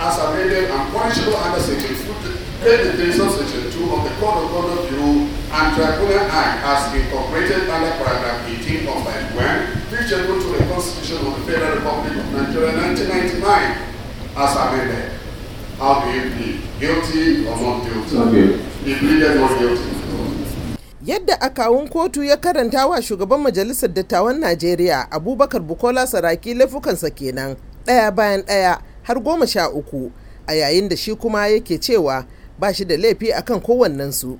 as amended and punishable under Section 33, Section 2 of the Code of Conduct Bureau and Tribunal Act as incorporated under paragraph 18 of Act which is to the Constitution of the Federal Republic of Nigeria 1999 as amended. How do you plead? Guilty or not guilty? Okay. guilty. He pleaded not guilty. yadda akawun kotu ya karanta wa shugaban majalisar dattawan najeriya abubakar bukola saraki laifukansa kenan ɗaya bayan ɗaya har goma sha uku a yayin da shi kuma yake cewa ba shi da laifi akan kowannensu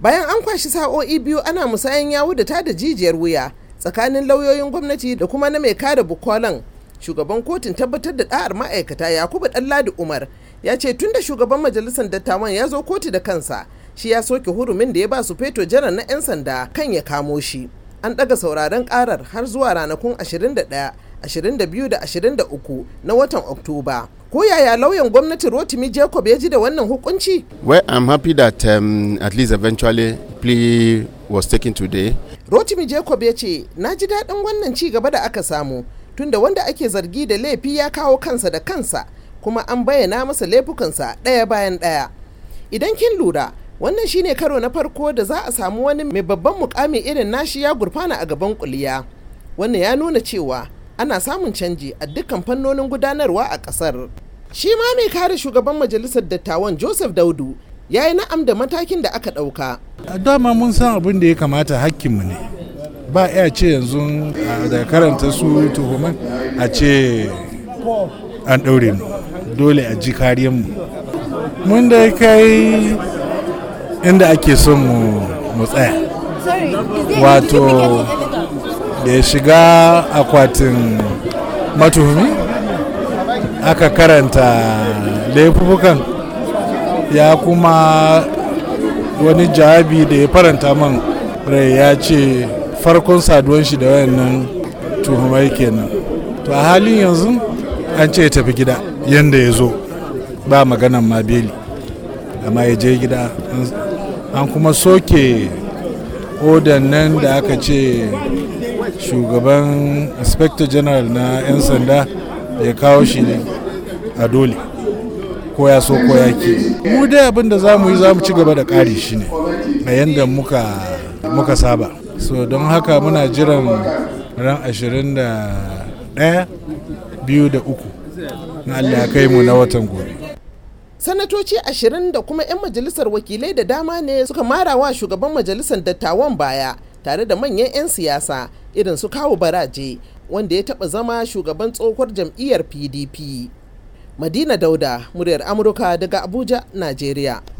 bayan an kwashi sa'o'i biyu ana musayan yawu da da jijiyar wuya tsakanin lauyoyin gwamnati da kuma na mai kare bukolan shugaban kotun tabbatar da ɗa'ar ma'aikata yakubu ɗanladi umar ya ce tun da shugaban majalisar dattawan ya zo kotu da kansa shi ya soke hurumin da ya ba su feto janar na 'yan sanda kan ya kamo shi an ɗaga sauraron ƙarar har zuwa ranakun 21 22 da 23 na watan Oktoba. Ko yaya lauyan gwamnati Rotimi Jacob ya ji da wannan hukunci? Well, I'm happy that um, at least eventually plea was taken today. Rotimi Jacob ya ce, na ji daɗin wannan ci gaba da aka samu, tunda wanda ake zargi da laifi ya kawo kansa da kansa, kuma an bayyana masa laifukansa ɗaya bayan ɗaya. Idan kin lura, wannan shine karo na farko da za a samu wani mai babban mukami irin nashi ya gurfana a gaban kuliya. Wannan ya nuna cewa ana samun canji a dukkan fannonin gudanarwa a kasar. Shi ma mai kare shugaban majalisar dattawan Joseph Daudu ya yi na'am da matakin da aka ɗauka. A dama mun san abin da ya kamata hakkinmu ne. Ba iya ce yanzu da karanta su tuhuman a ce an ɗaure mu dole a ji mu. Mun da kai inda ake son mu tsaya. Wato. da ya shiga akwatin matuhumi aka karanta laifukan ya kuma wani jawabi da ya faranta man rai ya ce farkon saduwan shi da wayannan tuhumai kenan to a halin yanzu an ce ya tafi gida yadda ya zo ba maganan ma beli amma ya je gida an kuma soke odan nan da aka ce shugaban inspector general na 'yan sanda ya kawo shi ne a dole ko ya so ko ya ke mu dai abin da za mu yi za mu ci gaba da ƙari shi ne a yadda muka saba so don haka muna jiran ran 21 biyu da uku na allah ya kai mu na watan gobe sanatoci ashirin da kuma 'yan majalisar wakilai da dama ne suka mara wa shugaban majalisar dattawan baya tare da manyan 'yan siyasa irin su kawo baraje wanda ya taɓa zama shugaban tsohuwar jam'iyyar pdp madina dauda muryar amurka daga abuja najeriya